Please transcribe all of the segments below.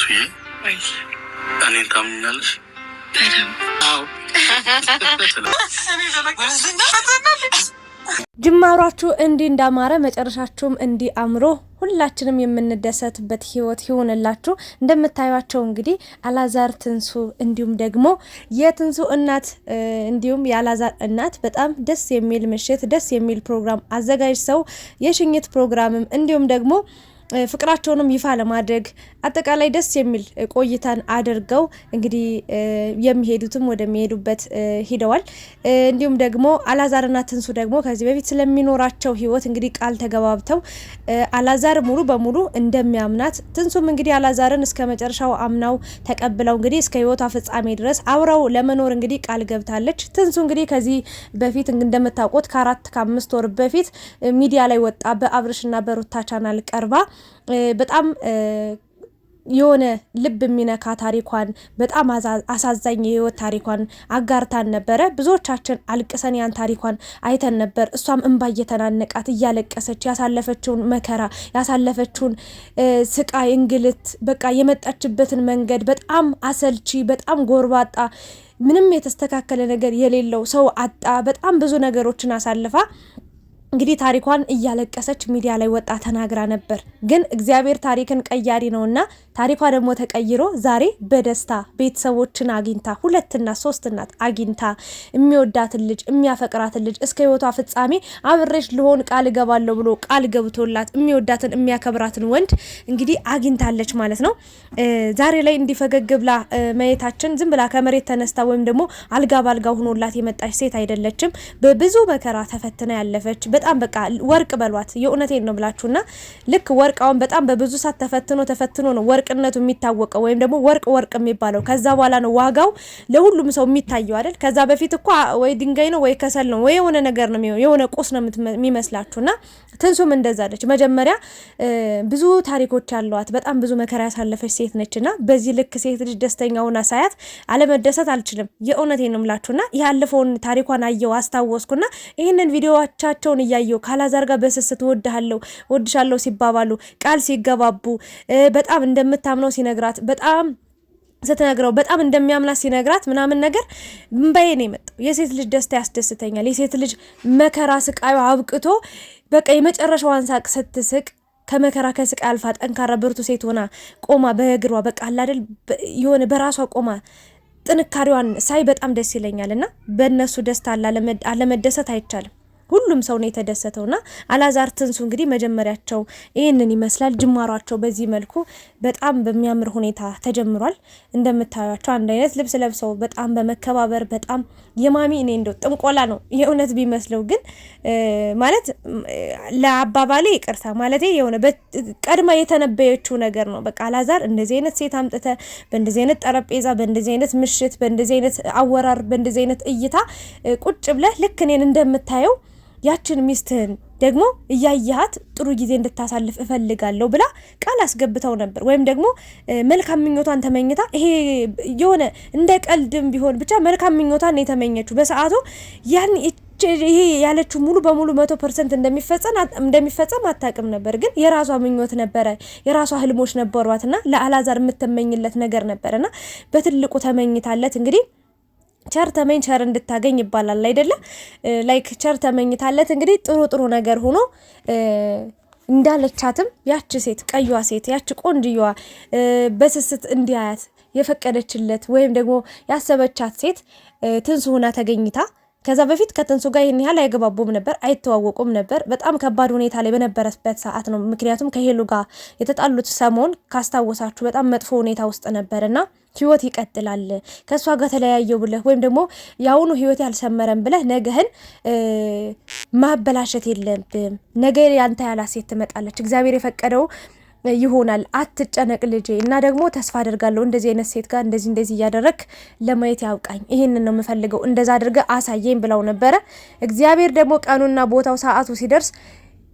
መስዬ እኔን ታምኛለሽ? ጅማሯችሁ እንዲህ እንዳማረ መጨረሻችሁም እንዲህ አምሮ ሁላችንም የምንደሰትበት ህይወት ይሆንላችሁ። እንደምታዩቸው እንግዲህ አላዛር ትንሱ፣ እንዲሁም ደግሞ የትንሱ እናት እንዲሁም የአላዛር እናት በጣም ደስ የሚል ምሽት፣ ደስ የሚል ፕሮግራም አዘጋጅ ሰው የሽኝት ፕሮግራምም እንዲሁም ደግሞ ፍቅራቸውንም ይፋ ለማድረግ አጠቃላይ ደስ የሚል ቆይታን አድርገው እንግዲህ የሚሄዱትም ወደሚሄዱበት ሂደዋል። እንዲሁም ደግሞ አላዛርና ትንሱ ደግሞ ከዚህ በፊት ስለሚኖራቸው ህይወት እንግዲህ ቃል ተገባብተው አላዛር ሙሉ በሙሉ እንደሚያምናት ትንሱም እንግዲህ አላዛርን እስከ መጨረሻው አምናው ተቀብለው እንግዲህ እስከ ህይወቷ ፍጻሜ ድረስ አብረው ለመኖር እንግዲህ ቃል ገብታለች። ትንሱ እንግዲህ ከዚህ በፊት እንደምታውቁት ከአራት ከአምስት ወር በፊት ሚዲያ ላይ ወጣ በአብርሽና በሩታ ቻናል ቀርባ በጣም የሆነ ልብ የሚነካ ታሪኳን በጣም አሳዛኝ የህይወት ታሪኳን አጋርታን ነበረ። ብዙዎቻችን አልቅሰን ያን ታሪኳን አይተን ነበር። እሷም እንባ እየተናነቃት እያለቀሰች ያሳለፈችውን መከራ ያሳለፈችውን ስቃይ፣ እንግልት በቃ የመጣችበትን መንገድ በጣም አሰልቺ፣ በጣም ጎርባጣ፣ ምንም የተስተካከለ ነገር የሌለው ሰው አጣ፣ በጣም ብዙ ነገሮችን አሳልፋ እንግዲህ ታሪኳን እያለቀሰች ሚዲያ ላይ ወጣ ተናግራ ነበር። ግን እግዚአብሔር ታሪክን ቀያሪ እና ታሪኳ ደግሞ ተቀይሮ ዛሬ በደስታ ቤተሰቦችን አግኝታ ሁለት እናት ሶስት እናት አግኝታ የሚወዳትን ልጅ የሚያፈቅራትን ልጅ እስከ ህይወቷ ፍጻሜ አብሬሽ ልሆን ቃል እገባለሁ ብሎ ቃል ገብቶላት የሚወዳትን የሚያከብራትን ወንድ እንግዲህ አግኝታለች ማለት ነው። ዛሬ ላይ እንዲፈገግ ብላ ማየታችን ዝም ብላ ከመሬት ተነስታ ወይም ደግሞ አልጋ ባልጋ ሆኖላት የመጣች ሴት አይደለችም። በብዙ መከራ ተፈትና ያለፈች በጣም በቃ ወርቅ በሏት። የእውነቴን ነው ብላችሁና ልክ ወርቅ አሁን በጣም በብዙ ሰዓት ተፈትኖ ተፈትኖ ነው ወርቅነቱ የሚታወቀው ወይም ደግሞ ወርቅ ወርቅ የሚባለው ከዛ በኋላ ነው ዋጋው ለሁሉም ሰው የሚታየው አይደል? ከዛ በፊት እኮ ወይ ድንጋይ ነው ወይ ከሰል ነው ወይ የሆነ ነገር ነው የሆነ ቁስ ነው የሚመስላችሁና ትንሱም እንደዛ ነች። መጀመሪያ ብዙ ታሪኮች ያለዋት በጣም ብዙ መከራ ያሳለፈች ሴት ነችና በዚህ ልክ ሴት ልጅ ደስተኛ ሆና ሳያት አለመደሰት አልችልም። የእውነቴን ነው የምላችሁና ያለፈውን ታሪኳን አየው አስታወስኩና ይህንን ቪዲዮቻቸውን እያየሁ ካላዛር ጋር በስስት እወድሃለሁ እወድሻለሁ ሲባባሉ ቃል ሲገባቡ በጣም እንደምታምነው ሲነግራት በጣም ስትነግረው በጣም እንደሚያምናት ሲነግራት ምናምን ነገር እምባዬ ነው የመጣው። የሴት ልጅ ደስታ ያስደስተኛል። የሴት ልጅ መከራ ስቃዩ አብቅቶ በቃ የመጨረሻዋን ሳቅ ስትስቅ ከመከራ ከስቃይ አልፋ ጠንካራ ብርቱ ሴት ሆና ቆማ በእግሯ በቃ አላደል የሆነ በራሷ ቆማ ጥንካሬዋን ሳይ በጣም ደስ ይለኛል። እና በእነሱ ደስታ አለመደሰት አይቻልም። ሁሉም ሰው ነው የተደሰተው። ና አላዛር ትንሱ እንግዲህ መጀመሪያቸው ይህንን ይመስላል። ጅማሯቸው በዚህ መልኩ በጣም በሚያምር ሁኔታ ተጀምሯል። እንደምታዩቸው አንድ አይነት ልብስ ለብሰው በጣም በመከባበር በጣም የማሚ እኔ እንደው ጥንቆላ ነው የእውነት ቢመስለው ግን ማለት ለአባባሌ ይቅርታ ማለት የሆነ ቀድማ የተነበየችው ነገር ነው። በቃ አላዛር እንደዚህ አይነት ሴት አምጥተ በእንደዚህ አይነት ጠረጴዛ፣ በእንደዚህ አይነት ምሽት፣ በእንደዚህ አይነት አወራር፣ በእንደዚህ አይነት እይታ ቁጭ ብለህ ልክ እኔን እንደምታየው ያችን ሚስትህን ደግሞ እያየሃት ጥሩ ጊዜ እንድታሳልፍ እፈልጋለሁ ብላ ቃል አስገብተው ነበር። ወይም ደግሞ መልካም ምኞቷን ተመኝታ ይሄ የሆነ እንደ ቀልድም ቢሆን ብቻ መልካም ምኞቷን የተመኘችው በሰዓቱ ያን ይሄ ያለችው ሙሉ በሙሉ መቶ ፐርሰንት እንደሚፈጸም አታውቅም ነበር። ግን የራሷ ምኞት ነበረ፣ የራሷ ህልሞች ነበሯትና ለአላዛር የምትመኝለት ነገር ነበረና በትልቁ ተመኝታለት እንግዲህ ቸር ተመኝ ቸር እንድታገኝ ይባላል አይደለ? ላይክ ቸር ተመኝታለት እንግዲህ ጥሩ ጥሩ ነገር ሆኖ እንዳለቻትም ያቺ ሴት ቀዩዋ ሴት ያቺ ቆንጅየዋ በስስት እንዲያያት የፈቀደችለት ወይም ደግሞ ያሰበቻት ሴት ትንሱ ሆና ተገኝታ ከዛ በፊት ከተንሱ ጋር ይህን ያህል አይገባቡም ነበር፣ አይተዋወቁም ነበር። በጣም ከባድ ሁኔታ ላይ በነበረበት ሰዓት ነው። ምክንያቱም ከሄሉ ጋር የተጣሉት ሰሞን ካስታወሳችሁ በጣም መጥፎ ሁኔታ ውስጥ ነበር እና ህይወት ይቀጥላል። ከእሷ ጋር ተለያየው ብለህ ወይም ደግሞ የአሁኑ ህይወት ያልሰመረም ብለህ ነገህን ማበላሸት የለብም። ነገ ያንተ ያላ ሴት ትመጣለች እግዚአብሔር የፈቀደው ይሆናል። አትጨነቅ ልጄ። እና ደግሞ ተስፋ አደርጋለሁ እንደዚህ አይነት ሴት ጋር እንደዚህ እንደዚህ እያደረግ ለማየት ያብቃኝ፣ ይህንን ነው የምፈልገው፣ እንደዛ አድርገ አሳየኝ ብለው ነበረ። እግዚአብሔር ደግሞ ቀኑና ቦታው ሰዓቱ ሲደርስ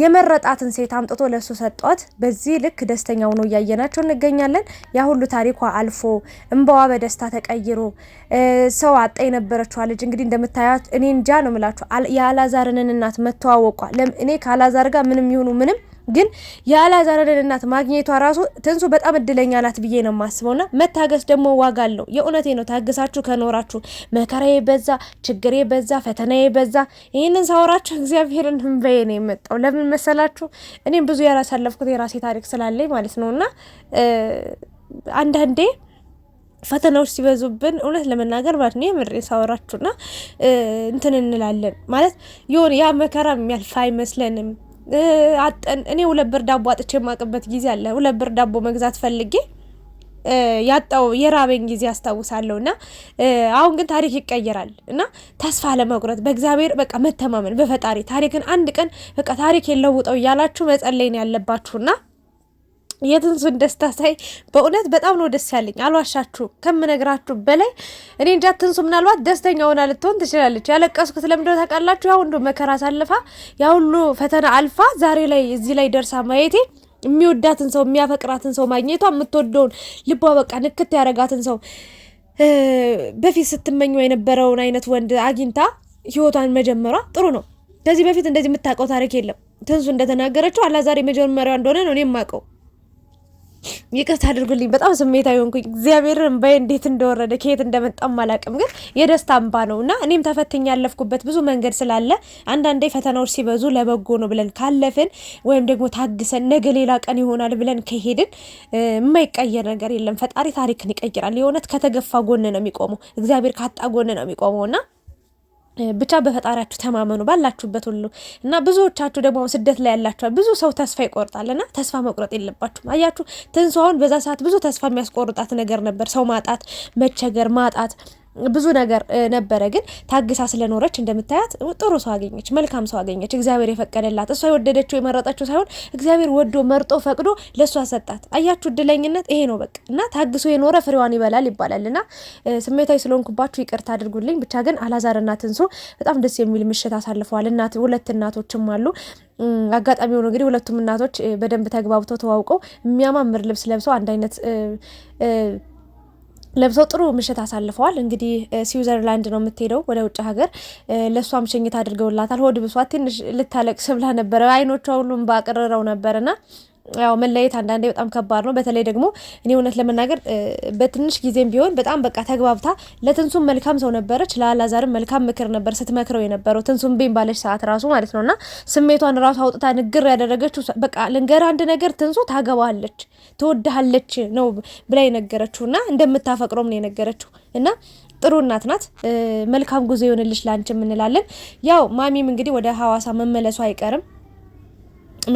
የመረጣትን ሴት አምጥቶ ለሱ ሰጧት። በዚህ ልክ ደስተኛ ሆኖ እያየናቸው እንገኛለን። ያ ሁሉ ታሪኳ አልፎ እንባዋ በደስታ ተቀይሮ ሰው አጣ የነበረችዋ ልጅ እንግዲህ እንደምታያት እኔ እንጃ ነው ምላችሁ የአላዛርንን እናት መተዋወቋ እኔ ከአላዛር ጋር ምንም ይሁኑ ምንም ግን ያላዛረደን እናት ማግኘቷ ራሱ ትንሱ በጣም እድለኛ ናት ብዬ ነው የማስበው። ና መታገስ ደግሞ ዋጋ አለው። የእውነቴ ነው። ታግሳችሁ ከኖራችሁ መከራ የበዛ ችግር የበዛ ፈተና የበዛ ይህንን ሳወራችሁ እግዚአብሔርን ህንበዬ ነው የመጣው። ለምን መሰላችሁ? እኔም ብዙ ያላሳለፍኩት የራሴ ታሪክ ስላለኝ ማለት ነው እና አንዳንዴ ፈተናዎች ሲበዙብን እውነት ለመናገር ማለት ነው የምር ሳወራችሁና እንትን እንላለን ማለት የሆነ ያ መከራ የሚያልፍ አይመስለንም። አጠን እኔ ሁለት ብር ዳቦ አጥቼ የማቅበት ጊዜ አለ። ሁለት ብር ዳቦ መግዛት ፈልጌ ያጣው የራበኝ ጊዜ አስታውሳለሁ። እና አሁን ግን ታሪክ ይቀየራል እና ተስፋ ለመቁረጥ በእግዚአብሔር በቃ መተማመን በፈጣሪ ታሪክን አንድ ቀን በቃ ታሪክ የለውጠው እያላችሁ መጸለይን ያለባችሁና የትንሱን ደስታ ሳይ በእውነት በጣም ነው ደስ ያለኝ። አልዋሻችሁ ከምነግራችሁ በላይ እኔ እንጃ። ትንሱ ምናልባት ደስተኛ ሆና ልትሆን ትችላለች። ያለቀስኩት ለምንድነው ታውቃላችሁ? ያው ሁሉ መከራ አሳልፋ ያ ሁሉ ፈተና አልፋ ዛሬ ላይ እዚህ ላይ ደርሳ ማየቴ የሚወዳትን ሰው የሚያፈቅራትን ሰው ማግኘቷ የምትወደውን ልቧ በቃ ንክት ያደረጋትን ሰው በፊት ስትመኘው የነበረውን አይነት ወንድ አግኝታ ህይወቷን መጀመሯ ጥሩ ነው። ከዚህ በፊት እንደዚህ የምታውቀው ታሪክ የለም። ትንሱ እንደተናገረችው አላዛር የመጀመሪያዋ እንደሆነ ነው እኔ የማውቀው። ይቅርታ አድርጉልኝ፣ በጣም ስሜታዊ ሆንኩኝ። እግዚአብሔር እንባዬ እንዴት እንደወረደ ከየት እንደመጣም አላውቅም፣ ግን የደስታ እንባ ነው እና እኔም ተፈትኛ ያለፍኩበት ብዙ መንገድ ስላለ አንዳንዴ ፈተናዎች ሲበዙ ለበጎ ነው ብለን ካለፍን ወይም ደግሞ ታግሰን ነገ ሌላ ቀን ይሆናል ብለን ከሄድን የማይቀየር ነገር የለም። ፈጣሪ ታሪክን ይቀይራል። የእውነት ከተገፋ ጎን ነው የሚቆመው፣ እግዚአብሔር ካጣ ጎን ነው የሚቆመው እና ብቻ በፈጣሪያችሁ ተማመኑ ባላችሁበት ሁሉ እና ብዙዎቻችሁ ደግሞ ስደት ላይ ያላችኋል። ብዙ ሰው ተስፋ ይቆርጣል እና ተስፋ መቁረጥ የለባችሁም። አያችሁ ትንሱ አሁን በዛ ሰዓት ብዙ ተስፋ የሚያስቆርጣት ነገር ነበር፣ ሰው ማጣት፣ መቸገር፣ ማጣት ብዙ ነገር ነበረ፣ ግን ታግሳ ስለኖረች እንደምታያት ጥሩ ሰው አገኘች፣ መልካም ሰው አገኘች። እግዚአብሔር የፈቀደላት እሷ የወደደችው የመረጠችው ሳይሆን እግዚአብሔር ወዶ መርጦ ፈቅዶ ለእሷ ሰጣት። አያችሁ፣ እድለኝነት ይሄ ነው በቃ። እና ታግሶ የኖረ ፍሬዋን ይበላል ይባላል። እና ስሜታዊ ስለሆንኩባችሁ ይቅርታ አድርጉልኝ። ብቻ ግን አላዛርና ትንሱ በጣም ደስ የሚል ምሽት አሳልፈዋል። እናት ሁለት እናቶችም አሉ አጋጣሚ ሆኖ እንግዲህ ሁለቱም እናቶች በደንብ ተግባብተው ተዋውቀው የሚያማምር ልብስ ለብሰው አንድ አይነት ለብሰው ጥሩ ምሽት አሳልፈዋል። እንግዲህ ስዊዘርላንድ ነው የምትሄደው ወደ ውጭ ሀገር። ለእሷም ምሸኝት አድርገውላታል። ሆድ ብሷ ትንሽ ልታለቅስ ብላ ነበረ። አይኖቿ ሁሉም ባቅርረው ነበርና ያው መለየት አንዳንዴ በጣም ከባድ ነው። በተለይ ደግሞ እኔ እውነት ለመናገር በትንሽ ጊዜም ቢሆን በጣም በቃ ተግባብታ ለትንሱም መልካም ሰው ነበረች፣ ለአላዛርም መልካም ምክር ነበር ስትመክረው የነበረው ትንሱም ቤን ባለች ሰዓት ራሱ ማለት ነው እና ስሜቷን ራሱ አውጥታ ንግር ያደረገችው በቃ ልንገር አንድ ነገር ትንሱ ታገባለች፣ ትወድሃለች ነው ብላ የነገረችው እና እንደምታፈቅረውም ነው የነገረችው እና ጥሩ እናት ናት። መልካም ጉዞ ይሆንልሽ ላንቺ እንላለን። ያው ማሚም እንግዲህ ወደ ሀዋሳ መመለሱ አይቀርም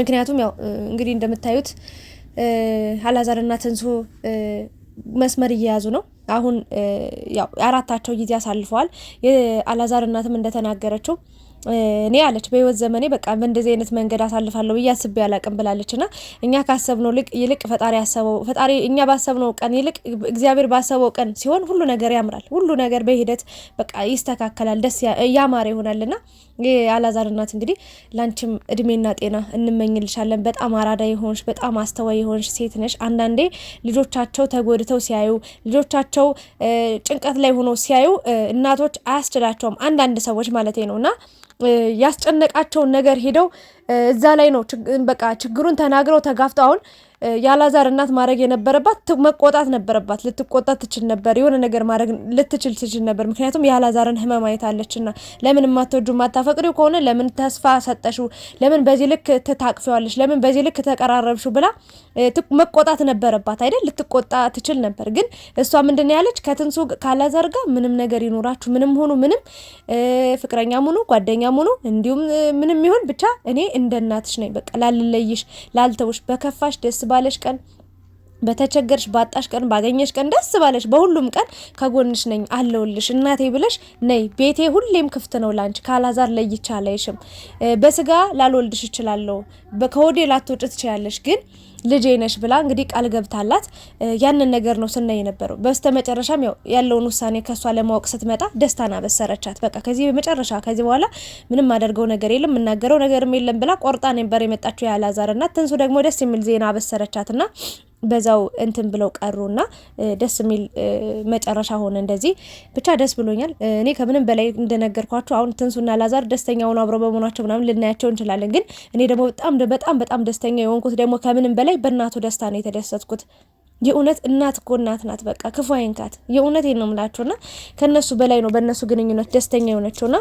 ምክንያቱም ያው እንግዲህ እንደምታዩት አላዛርና ትንሱ መስመር እየያዙ ነው። አሁን ያው አራታቸው ጊዜ አሳልፈዋል። የአላዛር እናትም እንደተናገረችው እኔ አለች በህይወት ዘመኔ በቃ በእንደዚህ አይነት መንገድ አሳልፋለሁ ብዬ አስቤ አላቅም ብላለች። ና እኛ ካሰብነው ይልቅ ፈጣሪ ያሰበው ፈጣሪ እኛ ባሰብነው ቀን ይልቅ እግዚአብሔር ባሰበው ቀን ሲሆን ሁሉ ነገር ያምራል። ሁሉ ነገር በሂደት በቃ ይስተካከላል፣ ደስ ያማረ ይሆናል። ና የአላዛር እናት እንግዲህ ላንቺም እድሜና ጤና እንመኝልሻለን። በጣም አራዳ የሆንሽ በጣም አስተዋይ የሆንሽ ሴት ነሽ። አንዳንዴ ልጆቻቸው ተጎድተው ሲያዩ ልጆቻቸው ጭንቀት ላይ ሆነው ሲያዩ እናቶች አያስችላቸውም፣ አንዳንድ ሰዎች ማለት ነው እና ያስጨነቃቸውን ነገር ሄደው እዛ ላይ ነው በቃ ችግሩን ተናግረው ተጋፍተው። አሁን ያላዛር እናት ማድረግ የነበረባት መቆጣት ነበረባት። ልትቆጣ ትችል ነበር፣ የሆነ ነገር ማድረግ ልትችል ትችል ነበር። ምክንያቱም ያላዛርን ህመም አይታለችና፣ ለምን የማትወጁ የማታፈቅሪው ከሆነ ለምን ተስፋ ሰጠሽው? ለምን በዚህ ልክ ትታቅፊዋለሽ? ለምን በዚህ ልክ ተቀራረብሽው? ብላ መቆጣት ነበረባት አይደል? ልትቆጣ ትችል ነበር። ግን እሷ ምንድን ያለች ከትንሱ ካላዛር ጋር ምንም ነገር ይኖራችሁ፣ ምንም ሆኑ ምንም፣ ፍቅረኛም ሆኑ ጓደኛም ሆኑ እንዲሁም ምንም ይሁን ብቻ እኔ እንደ እናትሽ ነኝ። በቃ ላልለይሽ፣ ላልተውሽ፣ በከፋሽ፣ ደስ ባለሽ ቀን በተቸገርሽ ባጣሽ ቀን ባገኘሽ ቀን ደስ ባለሽ በሁሉም ቀን ከጎንሽ ነኝ አለውልሽ እናቴ ብለሽ ነይ። ቤቴ ሁሌም ክፍት ነው ላንቺ። ካላዛር ለይቻለሽም በስጋ ላልወልድሽ እችላለሁ። ከሆዴ ላትወጭ ትችያለሽ ግን ልጄ ነሽ ብላ እንግዲህ ቃል ገብታላት ያንን ነገር ነው ስናይ የነበረው። በስተ መጨረሻም ያለውን ውሳኔ ከእሷ ለማወቅ ስትመጣ ደስታን አበሰረቻት። በቃ ከዚህ መጨረሻ ከዚህ በኋላ ምንም አደርገው ነገር የለም የምናገረው ነገርም የለም ብላ ቆርጣ ነበር የመጣችው ያላዛር እናት። ትንሱ ደግሞ ደስ የሚል ዜና አበሰረቻትና በዛው እንትን ብለው ቀሩና ደስ የሚል መጨረሻ ሆነ። እንደዚህ ብቻ ደስ ብሎኛል። እኔ ከምንም በላይ እንደነገርኳቸው አሁን ትንሱና ላዛር ደስተኛ ሆኖ አብረው በመሆናቸው ምናምን ልናያቸው እንችላለን። ግን እኔ ደግሞ በጣም በጣም በጣም ደስተኛ የሆንኩት ደግሞ ከምንም በላይ በእናቱ ደስታ ነው የተደሰትኩት። የእውነት እናት እኮ እናት ናት። በቃ ክፉ አይንካት። የእውነት ነው የምላቸውና ከእነሱ በላይ ነው በእነሱ ግንኙነት ደስተኛ የሆነችውና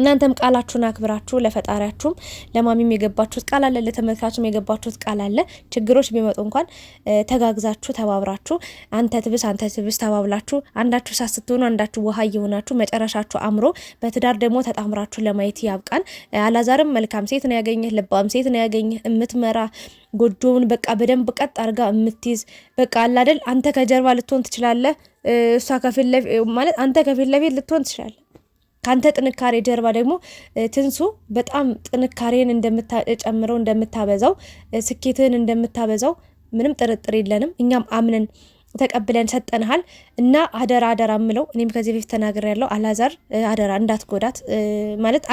እናንተም ቃላችሁን አክብራችሁ ለፈጣሪያችሁም ለማሚም የገባችሁት ቃል አለ፣ ለተመልካችም የገባችሁት ቃል አለ። ችግሮች ቢመጡ እንኳን ተጋግዛችሁ ተባብራችሁ፣ አንተ ትብስ አንተ ትብስ ተባብላችሁ አንዳችሁ እሳት ስትሆኑ አንዳችሁ ውሃ እየሆናችሁ መጨረሻችሁ አምሮ በትዳር ደግሞ ተጣምራችሁ ለማየት ያብቃን። አላዛርም መልካም ሴት ነው ያገኘህ፣ ልባም ሴት ነው ያገኘህ የምትመራ ጎጆውን በቃ በደንብ ቀጥ አድርጋ የምትይዝ በቃ አላደል አንተ ከጀርባ ልትሆን ትችላለህ፣ እሷ ከፊት ለፊት ማለት አንተ ከፊት ለፊት ልትሆን ትችላለህ። ከአንተ ጥንካሬ ጀርባ ደግሞ ትንሱ በጣም ጥንካሬን እንደምታጨምረው እንደምታበዛው ስኬትህን እንደምታበዛው ምንም ጥርጥር የለንም። እኛም አምነን ተቀብለን ሰጠንሃል እና አደራ አደራ ምለው እኔም ከዚህ በፊት ተናገር ያለው አላዛር አደራ እንዳትጎዳት ማለት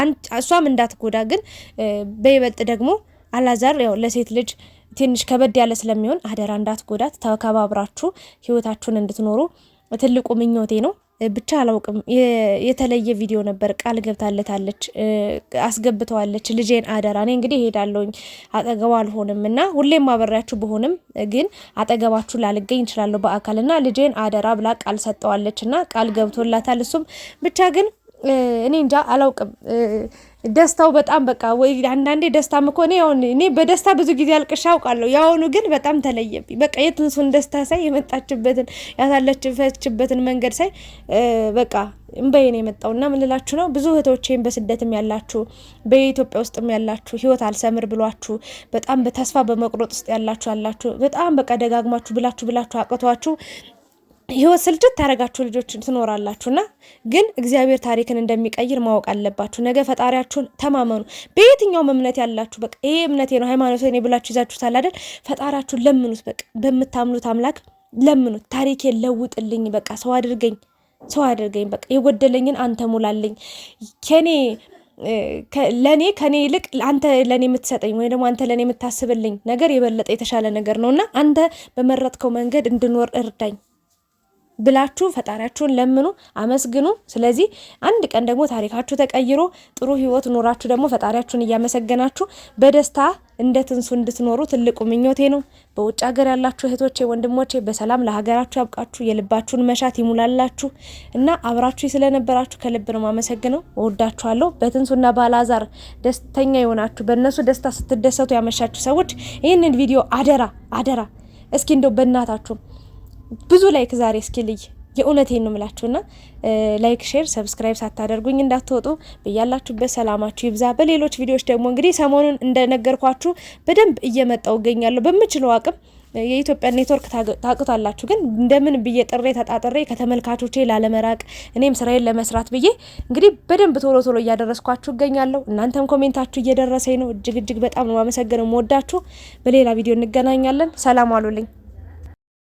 እሷም እንዳትጎዳ ግን በይበልጥ ደግሞ አላዛር ያው ለሴት ልጅ ትንሽ ከበድ ያለ ስለሚሆን አደራ እንዳትጎዳት ተከባብራችሁ ህይወታችሁን እንድትኖሩ ትልቁ ምኞቴ ነው። ብቻ አላውቅም። የተለየ ቪዲዮ ነበር። ቃል ገብታለታለች፣ አስገብተዋለች ልጄን አደራ። እኔ እንግዲህ ሄዳለሁኝ አጠገቧ አልሆንም እና ሁሌም አበሬያችሁ ብሆንም ግን አጠገባችሁ ላልገኝ እችላለሁ በአካል እና ልጄን አደራ ብላ ቃል ሰጠዋለች እና ቃል ገብቶላታል። እሱም ብቻ ግን እኔ እንጃ አላውቅም። ደስታው በጣም በቃ ወይ አንዳንዴ ደስታ መኮነ ያውን እኔ በደስታ ብዙ ጊዜ አልቅሻ አውቃለሁ። ያሁኑ ግን በጣም ተለየብኝ። በቃ የትንሱን ደስታ ሳይ የመጣችበትን ያሳለፈችበትን መንገድ ሳይ በቃ እምባዬ ነው የመጣው። እና ምን ልላችሁ ነው ብዙ እህቶቼም በስደትም ያላችሁ በኢትዮጵያ ውስጥም ያላችሁ ህይወት አልሰምር ብሏችሁ በጣም በተስፋ በመቁረጥ ውስጥ ያላችሁ አላችሁ በጣም በቃ ደጋግማችሁ ብላችሁ ብላችሁ አቅቷችሁ ህይወት ስልጭት ታደረጋችሁ ልጆች ትኖራላችሁና፣ ግን እግዚአብሔር ታሪክን እንደሚቀይር ማወቅ አለባችሁ። ነገ ፈጣሪያችሁን ተማመኑ። በየትኛውም እምነት ያላችሁ በቃ ይሄ እምነቴ ነው ሃይማኖቴ ነው ብላችሁ ይዛችሁታል አይደል? ፈጣሪያችሁን ለምኑት። በቃ በምታምኑት አምላክ ለምኑት። ታሪኬ ለውጥልኝ፣ በቃ ሰው አድርገኝ፣ ሰው አድርገኝ፣ በቃ የጎደለኝን አንተ ሙላልኝ ከኔ ለእኔ ከኔ ይልቅ አንተ ለእኔ የምትሰጠኝ ወይ ደግሞ አንተ ለእኔ የምታስብልኝ ነገር የበለጠ የተሻለ ነገር ነው እና አንተ በመረጥከው መንገድ እንድኖር እርዳኝ። ብላችሁ ፈጣሪያችሁን ለምኑ፣ አመስግኑ። ስለዚህ አንድ ቀን ደግሞ ታሪካችሁ ተቀይሮ ጥሩ ህይወት ኖራችሁ ደግሞ ፈጣሪያችሁን እያመሰገናችሁ በደስታ እንደ ትንሱ እንድትኖሩ ትልቁ ምኞቴ ነው። በውጭ ሀገር ያላችሁ እህቶቼ ወንድሞቼ፣ በሰላም ለሀገራችሁ ያብቃችሁ፣ የልባችሁን መሻት ይሙላላችሁ እና አብራችሁ ስለነበራችሁ ከልብ ነው ማመሰግነው። እወዳችኋለሁ። በትንሱና በአላዛር ደስተኛ የሆናችሁ በእነሱ ደስታ ስትደሰቱ ያመሻችሁ ሰዎች ይህንን ቪዲዮ አደራ አደራ እስኪ እንደው በእናታችሁም ብዙ ላይክ ዛሬ እስኪ ልይ የእውነቴን ነው ምላችሁና ላይክ ሼር ሰብስክራይብ ሳታደርጉኝ እንዳትወጡ በያላችሁበት ሰላማችሁ ይብዛ። በሌሎች ቪዲዮዎች ደግሞ እንግዲህ ሰሞኑን እንደነገርኳችሁ በደንብ እየመጣው እገኛለሁ በምችለው አቅም የኢትዮጵያ ኔትወርክ ታቅቷላችሁ ግን እንደምን ብዬ ጥሬ ተጣጥሬ ከተመልካቾቼ ላለመራቅ እኔም ስራዬን ለመስራት ብዬ እንግዲህ በደንብ ቶሎ ቶሎ እያደረስኳችሁ እገኛለሁ። እናንተም ኮሜንታችሁ እየደረሰኝ ነው። እጅግ እጅግ በጣም ነው ማመሰግነው። ወዳችሁ በሌላ ቪዲዮ እንገናኛለን። ሰላም አሉልኝ።